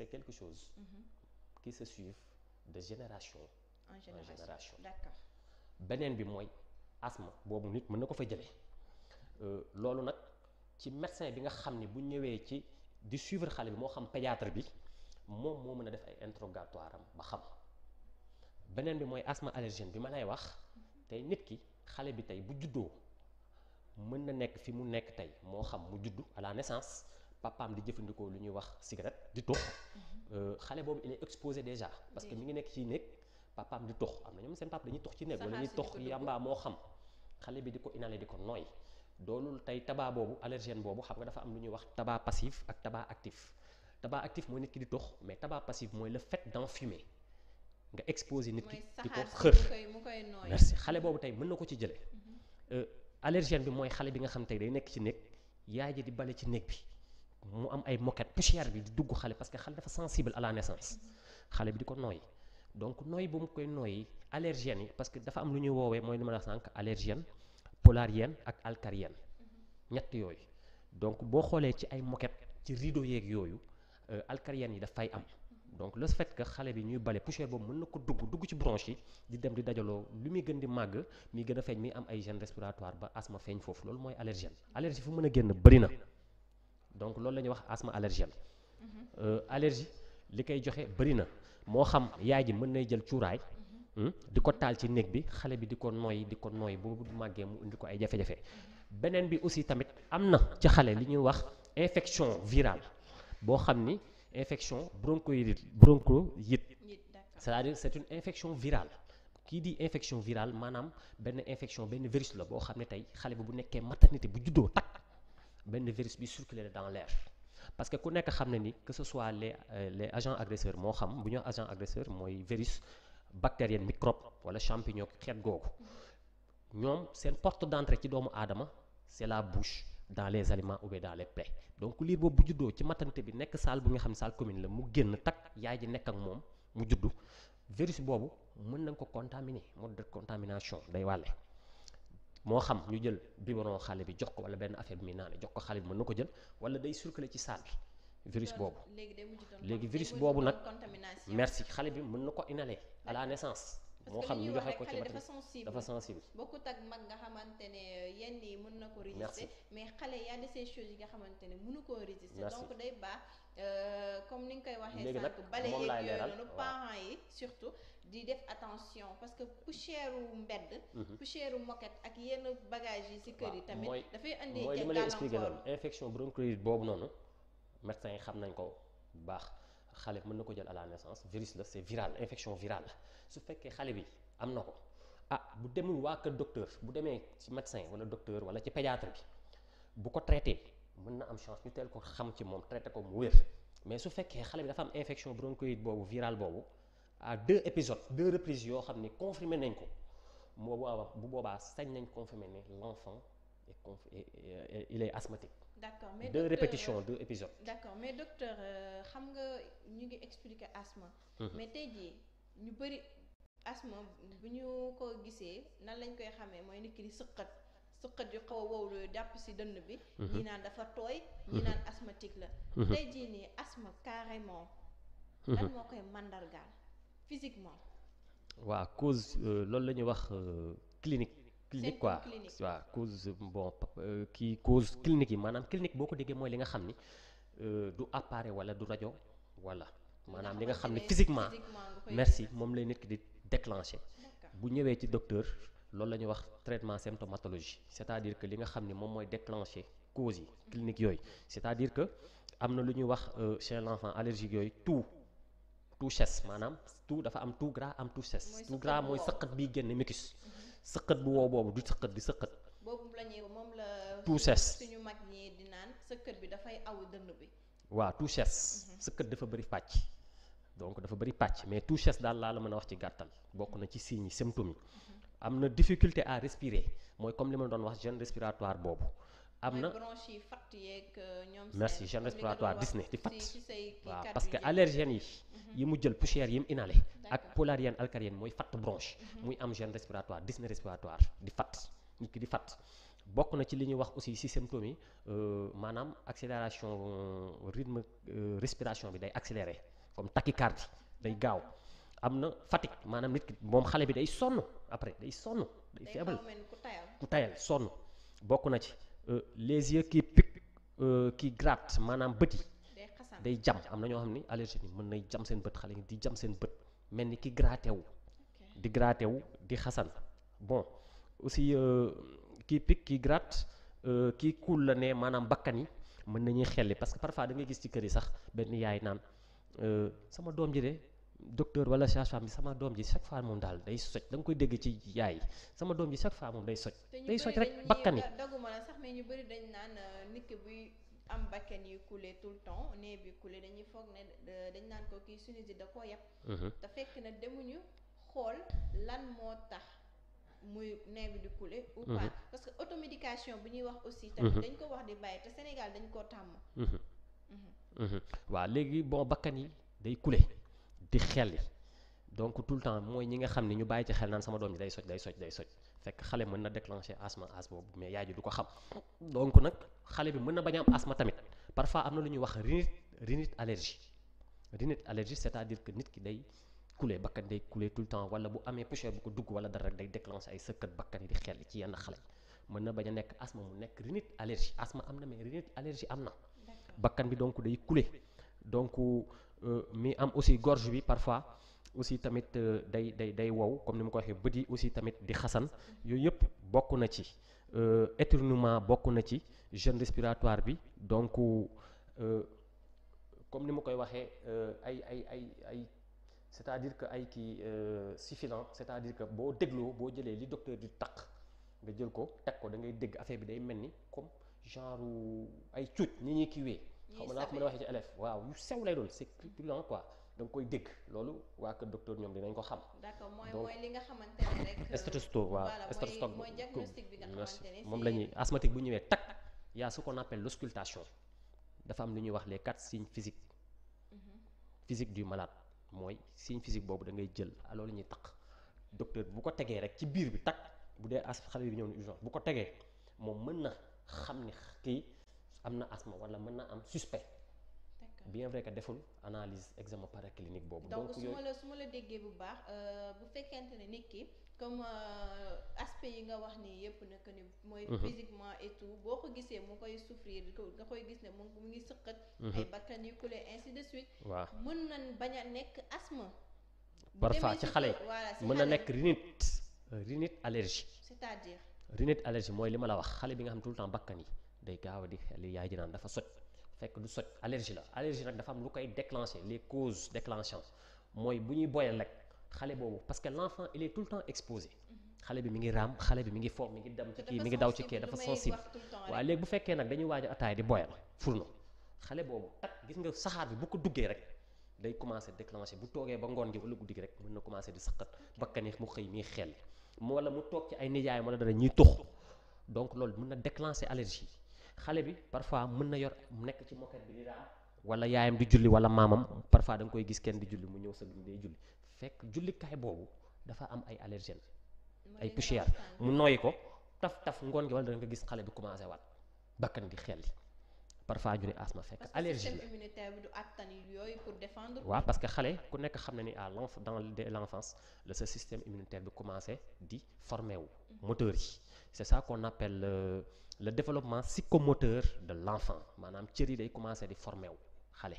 c'est quelque chose mm-hmm. qui se de génération en génération, génération. d'accord beneen bi mooy asma boobu nit mën na ko fa jëlee euh, loolu nag ci médecin bi nga xam ni bu ñëwee ci di suivre xale bi moo xam pédiatre bi moom moo mën a def ay interrogatoire ba xam beneen bi mooy asthme allergène bi ma lay wax mm-hmm. tey nit ki xale bi tey bu juddoo mën na nekk fi mu nekk tey moo xam mu juddu à naissance papaam di jëfandikoo lu ñuy wax cigarette di tux mhm. euh, xale boobu il exposé déjà parce que mi ngi nekk ci néeg papam di tux am na ñoom seen papa dañuy tux ci néeg wala ñuy tux yàmbaa moo xam xale bi di ko inhaler di ko nooy doolul tey tabac boobu allergène boobu xam nga dafa am lu ñuy wax tabac passif ak tabac actif tabac actif mooy nit ki di tux mais tabac passif mooy le fait d'en fumer nga exposé nit ki di ko xër merci xale boobu tey mën na ko ci jële mhm. euh, allergène bi mooy xale bi nga xam tey day nekk ci néeg yaay ji di bale ci néeg bi mu am ay moquette poussière bi di dugg xale parce que xale dafa sensible à la naissance xale bi di ko nooy donc nooy bu mu koy nooy allergènes yi parce que dafa am lu ñuy woowee mooy li ma la sànq allergène polarienne ak alcarienne ñett yooyu donc boo xoolee ci ay moquette ci rideau yeeg yooyu euh, alcarienne yi dafay am donc le fait que xale bi ñuy bale poussière boobu mën na ko dugg dugg ci bronche yi di dem di dajaloo lu muy gën di màgg mi gën a feeñ mi am ay gènes respiratoires ba foofu loolu mooy allergène allergie fu mën a génn bëri na donc loolu la ñuy wax asthme allergène. Mhm. Euh, allergie li koy joxe bëri na moo xam yaay ji mën nay jël cuuraay. Mhm. Hmm, di ko taal ci néeg bi xale bi di ko nooy di ko nooy boobu bu màggee mu indi ko ay jafe-jafe. Mhm. beneen bi aussi tamit am na ci xale li ñuy wax infection virale boo xam ni infection bronchiolite bronchiolite c'est-à-dire c'est une infection virale. kii di infection virale maanaam benn infection benn virus la boo xam ne tey xale bi bu nekkee maternité bu juddoo takk benn virus bi circuler dans l'air parce que ku nekk xam ne ni que ce soit les euh, les agents moo xam bu ñu agent agresseur mooy virus bactérienne microbe wala champignon xeet googu ñoom seen porte d'entrée ci doomu aadama c'est la bouche dans les aliments ou bien dans les plaies donc liir boobu bu juddoo ci matante bi nekk salle bu nga xam ne salle commune la mu génn takk yaay ji nekk ak moom mu juddu virus boobu mën nañ ko contaminer mode de contamination day wàlle moo xam ñu jël biberon xale bi jox ko wala benn affaire bi muy naane jox ko xale bi mën na ko jël wala day circuler ci salle bi virus boobu léegi virus boobu nag merci xale bi mën na ko inhaler à la naissance moo xam ñu joxe ko ci matin dafa sensible bokkut ak mag nga xamante ne euh, yenn yi mën na ko résister mais xale y a de yi nga xamante ne mënu koo résister donc day baax Euh, comme ni nga koy waxee. léegi nag moom laay leeral noonu yi surtout di def attention parce que poussière u mbedd. Mhm. poussière u moquette ak yenn bagages yi. si kër yi tamit dafay andi. mooy li ma lay expliqué noonu infection bronchiolite boobu noonu médecins yi xam nañ ko bu baax. xale mën na ko jël à la naissance virus la c'est viral infection virale la su fekkee xale bi am na ko ah bu demul waa kër docteur bu demee ci médecin wala docteur wala ci pédiatre bi bu ko traité mën na am chance ñu teel ko xam ci moom traité ko mu wér mais su fekkee xale bi dafa am infection bronchiolite boobu virale boobu à deux épisodes deux reprises yoo xam ni confirmé nañ ko moo bu boobaa sañ nañ confirmer ne l'enfant est conf il est asthmatique. d'accord mais deux répétitions euh, deux épisodes. d'accord mais docteur euh, xam nga ñu ngi expliquer asthme. Mhm. mais tey jii ñu bari asthme bu ñu ko gisee nan lañ koy xamee mooy nit ki di sëqat. suqat yu xaw wow loolu jàpp si dënn bi mhm. ñi naan dafa tooy ñi mhm. naan asthmatique la mhm. tey jii nii asthme carrément lan moo koy màndargaal physiquement waaw cause euh, loolu la ñuy wax euh, clinique clinique quoi waaw cause bon euh, kii cause clinique yi maanaam clinique boo ko déggee mooy li nga xam ni du appareil wala du rajo wala maanaam li nga xam ni physiquement merci moom lay nit ki di déclencher bu ñëwee ci docteur loolu la ñuy wax traitement symptomatologie c'est-à-dire que li nga xam ne moom mooy déclencher cause yi clinique yooyu c'est-à-dire que am na lu ñuy wax euh, chez l'enfant allergique yooyu tout tout chess maanaam tout dafa am tout gras am tout chess tout gras mooy sëqat bi génn mucus mm-hmm. sëqat bu woo boobu du sëqat di sëqat boobu la ñuy moom la tout chess suñu mag ñi di naan sëqat bi dafay aw dënn bi waaw tout chess mm-hmm. sëqat dafa bëri pàcc donc dafa bëri pàcc mais tout chess daal laa la mën a wax ci gàttal bokk na ci signes yi am na difficulté à respirer mooy comme li ma doon wax gêne respiratoire boobu. am na bronchi fatt yeeg euh, ñoom merci gêne respiratoire dis ne di fatt waaw parce que allergènes yi mhm. yi mu jël poussière yi mu inhalé ak polarienne alcalienne mooy fatt bronche mhm. muy am gêne respiratoire dyspnée respiratoire di fatt nit ki di fatt bokk na ci li ñuy wax aussi si symptômes yi euh, maanaam accélération euh, rythme respiration bi day accéléré comme tachycardie day gaaw am na fatigue maanaam nit ki moom xale bi day sonn après day sonn day feebal ku tayal sonn bokk na ci euh, les yeux qui piquent euh, qui maanaam bët yi day jam am na ñoo xam ni allergie ni mën nay jam seen bët xale di jam seen bët mel ni ki gratté wu di gratté wu di xasan bon aussi kii euh, pique kii gratte kii kuul la ne maanaam bakkan yi mën nañuy xelli parce que parfois da ngay gis ci kër yi sax benn yaay naan sama doom ji de docteur wala sage-femme bi sama doom ji chaque fois moom daal day soj da nga koy dégg ci yaay sama doom ji chaque fois moom day soj day soj rek bakkan yi daguma sax mais ñu bëri dañ naan euh, nit buy am bakkan yu coulé tout temps nee bi coulé dañuy foog ne dañ naan ko kii sinusite da ko yàpp mhm. te fekk na demuñu xool lan moo tax muy néeg bi di coulé ou mhm. parce que automédication bi ñuy wax aussi mhm. tamit dañ ko wax di bàyyi te Sénégal dañ koo tàmm waa léegi boo bakkan yi day coulé di xel yi donc tout temps mooy ñi nga xam ne ñu bàyyi ci xel naan sama doom ji day soj day soj day soj fekk xale mën na déclencher asthme as boobu mais yaay ji ko xam donc nag xale bi na bañ a am asthme tamit parfois am na lu ñuy wax rhinite rhinite allergie rhinite allergie c'est-à-dire que nit ki day couler bakkan day couler tout le temps wala bu amee poussière bu ko dugg wala dara rek day déclencher ay sëkkat bakkan yi di xel ci yenn xale yi mën na bañ a nekk asthme mu nekk rhinite allergie asthme am na mais rhinite allergie am na bakkan bi donc day couler Euh, mi am aussi gorge bi parfois aussi tamit euh, day day day wow comme ni ma ko waxee bët yi aussi tamit di xasan yooyu yëpp bokk na ci euh, éternuement bokk na ci jeûne respiratoire bi donc comme ni ma koy waxee ay ay ay ay c'est-à-dire que ay kii suffilant c'est-à-dire que boo dégloo boo jëlee li docteur di takk nga jël ko teg ko da ngay dégg affaire bi day mel ni comme genre ay cuuj ni ñuy kiiwee xaw ma naa ko mën a waxee ci élève waaw yu sew lay doon c'est criant quoi da koy dégg loolu waa kër docteur ñoom dinañ ko xam. d'accord mooy mooy li nga xamante ne rek. Euh, stéthoscope waaw stéthoscope mooy diagnostic moom la ñuy asthmatique bu ñëwee tak y a ce qu'on appelle l'auscultation dafa am lu ñuy wax les quatre signes physiques mm-hmm. physique du malaat mooy signe physique boobu da ngay jël alors ah, la ñuy taq docteur bu ko tegee rek ci biir bi takk bu dee as xale bi ñëw na urgence bu ko tegee moom mën na xam ni kii. am na asthme wala mën na am suspect. bien vrai que deful analyse examen paraclinique boobu. donc su ma la su ma la déggee bu baax euh, bu fekkent ne nit ki comme euh, aspect yi nga wax ni yëpp nag ni mooy. Mhm. physiquement et boo ko gisee moo koy souffrir nga koy gis ne mu ngi sëqat. Mhm. ay bakkan yu kule ainsi de suite. waaw mën nañ bañ a nekk asthme. parfois ci xale yi mën na nekk rhinite rhinite allergie. c'est-à-dire. rhinite allergie mooy li ma la wax xale bi nga xam tout le temps bakkan yi. day gaaw a di xel yaay ji naan dafa soj fekk du soj allergie la allergie nag dafa am lu koy déclencher les causes déclenchantes mooy bu ñuy boyal rek xale boobu parce que l'enfant il est tout le temps exposé xale bi mi ngi raam xale bi mi ngi foofu mi ngi dem ci kii mi ngi daw ci kii dafa sensible waaw léegi bu fekkee nag dañuy waaj a ataay di boyal furno xale boobu tak gis nga saxaar bi bu ko duggee rek day commencer déclencher bu toogee ba ngoon gi wala guddi gi rek mën na commencer di saqat bakkani mu xëy mi xel wala mu toog ci ay nijaayam wala dara ñuy tux donc loolu mën na déclencher allergie xale bi parfois mën na yor mu nekk ci moket bi di raam wala yaayam di julli wala maamam parfois da nga koy gis kenn di julli mu ñëw sa day julli fekk jullikaay boobu dafa am ay allergènes ay poussière mu noy ko taf taf ngoon gi wala da nga gis xale bi commencé waat bakkan di xel yi parfois ñu ne asthme fekk allergie waaw parce que xale ku nekk xam na ni à l'enf dans l'enfance la sa système immunitaire bi commencé di formé wu mm-hmm. moteur yi c'est ça qu'on appelle euh, le développement psychomoteur de l'enfant maanaam cër yi day commencer di former wu xale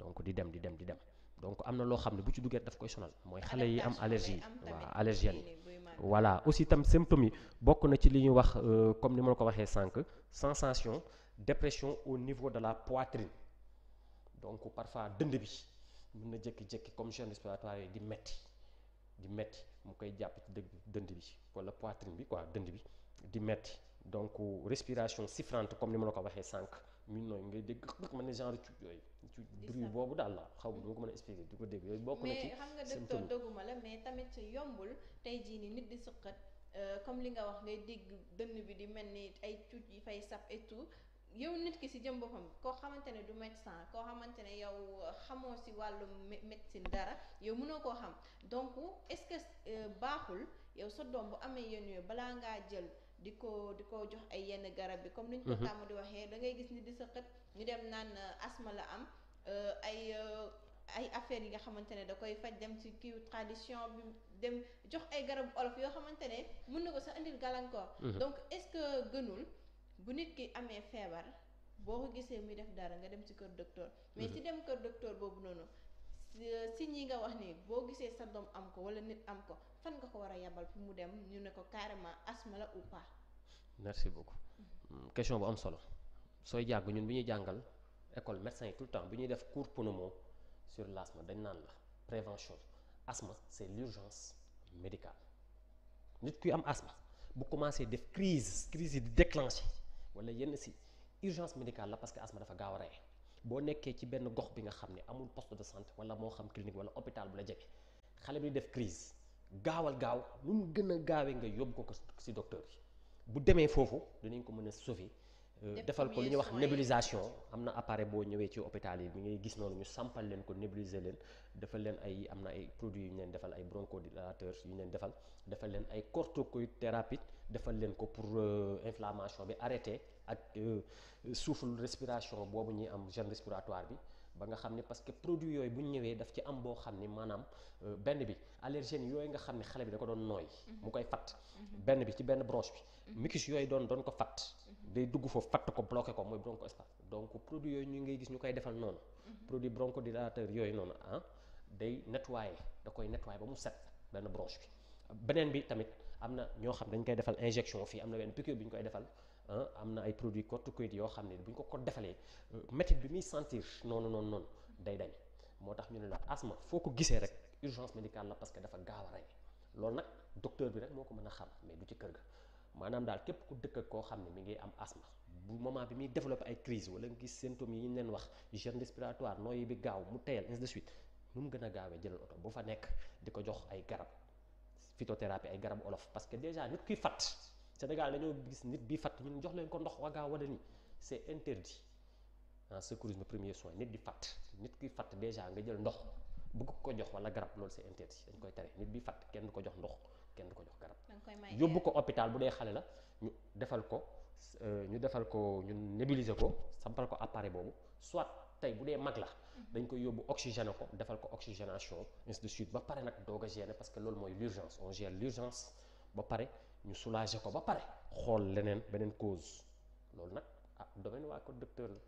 donc di dem di dem di dem donc am na loo xam ne bu ci duggee daf koy sonal mooy xale yi am allergie waaw allergène yi voilà aussi tam symptômes yi bokk na ci li ñuy wax euh, comme ni ma la ko waxee sànq sensation dépression au niveau de la poitrine donc parfois dënd bi mën na jékki-jékki comme gêne respiratoire yi di metti di metti mu koy jàpp dëgg dënd bi wala poitrine bi quoi dënd bi di metti donc respiration sifflante comme ni ma la ko waxee sànq ñun nooy ngay dégg xëq ne genre cuuj yooyu ci bruit boobu daal la xaw ma du ma ko mën a expliquer di ko dégg yooyu bokk na ci xam nga docteur doguma la mais tamit yombul tey jii ni nit euh, comme li nga wax ngay dégg dënn bi di mel ni ay cuuj yi fay sap et yow nit ki si jëm boppam koo xamante ne du médecin koo xamante ne yow xamoo si wàllu médecine dara yow mënoo koo xam donc est-ce que euh, baaxul yow sa doom bu amee yenn yooyu balaa ngaa jël di ko di ko jox ay yenn garab bi comme ni ñu ko tàmm di waxee dangay gis ni di sa xët ñu dem naan euh, asma la am euh, ay ay affaires yi nga xamante ne da koy faj dem ci kiw tradition bi dem jox ay garab olof yoo xamante ne mën na ko sa indil gàllankoor mhm. donc est gënul bu nit ki amee feebar boo ko gisee muy def dara nga dem ci kër docteur. mais ci dem kër docteur boobu noonu si euh, yi nga wax ni boo gisee sa doom am ko wala nit am ko fan nga ko war a yabal fi mu dem ñu ne ko carrément asthme la ou pas. merci beaucoup hmm, bu am solo sooy jàng ñun bi ñuy jàngal école médecin yi tout temps bu ñuy def cours pneumo sur l'asthme dañ naan la prévention asthme c'est l'urgence médicale nit kuy am asthme bu commencé def crise crise yi di déclenché wala yenn si urgence médicale la parce que asthme dafa gaaw a rey boo nekkee ci benn gox bi nga xam ne amul poste de santé wala moo xam clinique wala hôpital bu la jege xale bi def crise gaawal gaaw lu mu gën a gaawee nga yóbbu ko ko si docteur bi bu demee foofu dinañ ko mën a sofi Euh, defal ko lu ñu wax nébulisation am na appareil boo ñëwee ci hôpital yi bi ngay gis noonu ñu sampal leen ko nébuliser leen defal leen ay am na ay produits yu ñu leen defal ay bronchodilateurs yu ñu leen defal defal leen ay corticothérapie defal leen ko pour euh, inflammation bi arrêté ak euh, suufu respiration boobu ñuy am gêne respiratoire bi ba nga xam ne parce que produit yooyu bu ñu ñëwee daf ci am boo xam ni maanaam euh, benn bi allergènes yooyu nga xam ne xale bi da ko doon nooy mu koy fatt benn bi ci benn branche bi mucus yooyu doon doon ko fatt day dugg foofu fatt ko bloqué ko mooy bronchospasme donc produit yooyu ñu ngay gis ñu koy defal noonu produit bronchodilateur yooyu noonu ah day nettoyé da koy nettoyé ba mu set benn branche bi beneen bi tamit am na ñoo xam dañ koy defal injection fii am na benn piqûre bi ñu koy defal Euh, am na ay produits corticoïdes yoo xam ne bu ñu ko ko defalee euh, métit bi muy sentir noonu noonu noonu day dañ moo tax ñu ne la asthme foo ko gisee rek urgence médicale la parce que dafa gaaw a rey loolu nag docteur bi rek moo ko mën a xam mais du ci kër ga maanaam daal képp ku dëkk koo xam ne mi ngi am asthme bu moment bi muy développé ay crise wala nga gis symptômes yi ñu leen wax gêne respiratoire nooyi bi gaaw mu teyal ainsi de suite nu mu gën a gaawee oto bu fa nekk di ko jox ay garab phytothérapie ay garab olof Sénégal dañoo gis nit bi fatt ñu jox leen ko ndox wagaa wala ni c'est interdit en ah, secourisme premier soin nit di fatt nit ki fatt déjà nga jël ndox bugg ko jox wala garab loolu c'est interdit dañ koy tere nit bi fatt kenn du ko jox ndox kenn du ko jox garab yóbbu ko hôpital bu dee xale la ñu defal ko euh, ñu defal ko ñu nébuliser ko sampal ko appareil boobu soit tey bu dee mag la mhm. dañ koy yóbbu oxygéné ko defal ko oxygénation ainsi de ba pare nag doog a parce que loolu mooy l'urgence on gère l'urgence ba pare ñu soulager ko ba pare xool leneen beneen cause loolu nag ah domaine waa ko docteur la